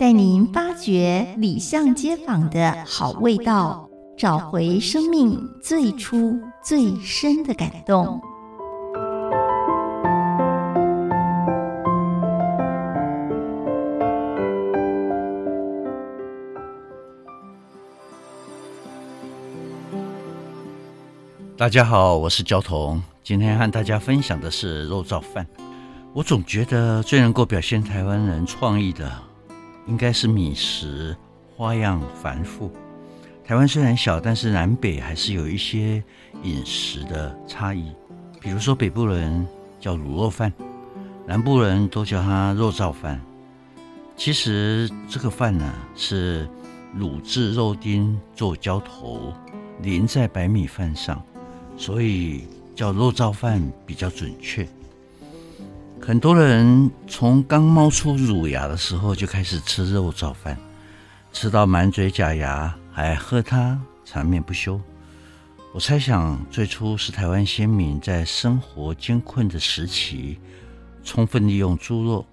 帶您發掘里巷街坊的好味道，找回生命最初最深的感動。大家好，我是焦桐，今天和大家分享的是肉燥飯。我總覺得最能夠表現台灣人創意的。應該是米食花樣繁複。台灣雖然小，但是南北還是有一些飲食的差異。比如說，北部人叫滷肉飯，南部人都叫它肉燥飯。其實這個飯呢、啊，是滷制肉丁做澆頭，淋在白米飯上，所以叫肉燥飯比較準確。很多人從剛冒出乳牙的時候就開始吃肉燥飯，吃到滿嘴假牙，還和它纏綿不休。我猜想，最初是台灣先民在生活艱困的時期，充分利用豬肉，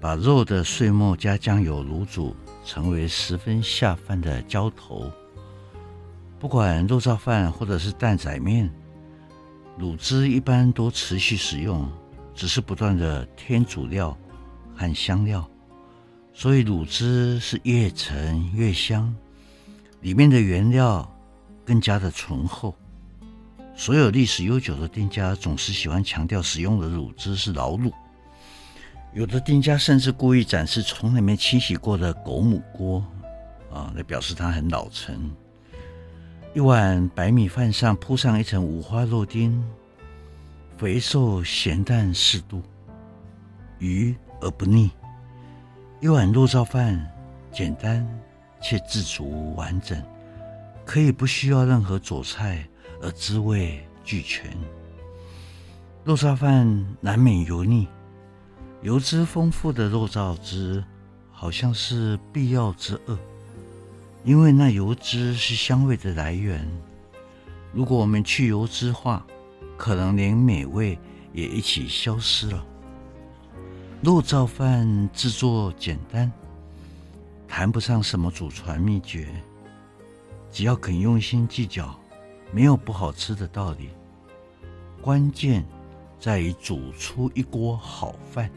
把肉的碎末加醬油滷煮，成為十分下飯的澆頭。不管肉燥飯或者是擔仔麵，滷汁一般都持續使用。只是不斷的添主料和香料，所以滷汁是越陳越香，裡面的原料更加的醇厚。所有歷史悠久的店家總是喜歡強調使用的滷汁是老滷，有的店家甚至故意展示從來沒清洗過的狗母鍋啊，來、呃、表示它很老成。一碗白米飯上鋪上一層五花肉丁。肥瘦鹹淡適度，腴而不膩。一碗肉燥飯，簡單且自足完整，可以不需要任何佐菜而滋味俱全。肉燥飯難免油膩，油脂豐富的肉燥汁好像是必要之惡，因為那油脂是香味的來源。如果我們去油脂化，可能連美味也一起消失了。肉燥飯製作簡單，談不上什麼祖傳秘訣。只要肯用心計較，沒有不好吃的道理。關鍵在於煮出一鍋好飯，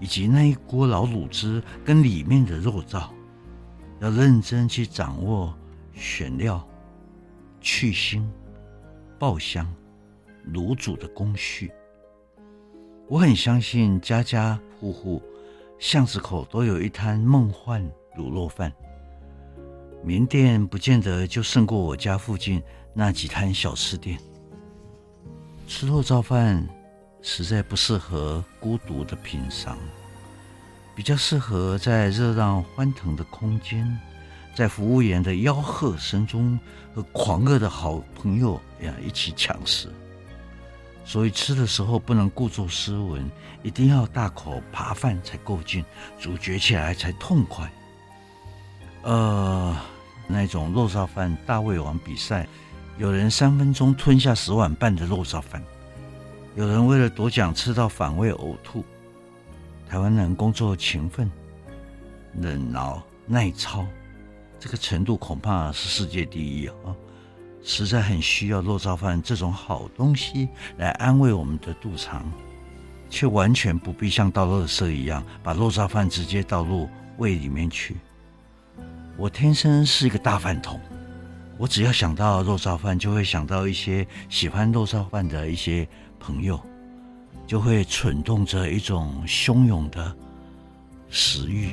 以及那一鍋老滷汁跟裡面的肉燥，要認真去掌握選料、去腥、爆香。滷煮的工序，我很相信，家家戶戶巷子口都有一攤夢幻滷肉飯。名店不見得就勝過我家附近那幾攤小吃店。吃滷肉飯實在不適合孤獨的品嘗，比較適合在熱鬧歡騰的空間，在服務員的吆喝聲中和狂餓的好朋友呀一起搶食。所以吃的時候不能故作斯文，一定要大口扒飯才夠勁，咀嚼起來才痛快。呃，那種肉燥飯大胃王比賽，有人三分鐘吞下十碗半的肉燥飯，有人為了奪獎吃到反胃嘔吐。台灣人工作勤奮、忍勞耐操，這個程度恐怕是世界第一啊、哦！實在很需要肉燥飯這種好東西來安慰我們的肚腸，卻完全不必像倒垃圾一樣，把肉燥飯直接倒入胃裡面去。我天生是一個大飯桶，我只要想到肉燥飯，就會想到一些喜歡肉燥飯的一些朋友，就會蠢動着一種洶湧的食欲。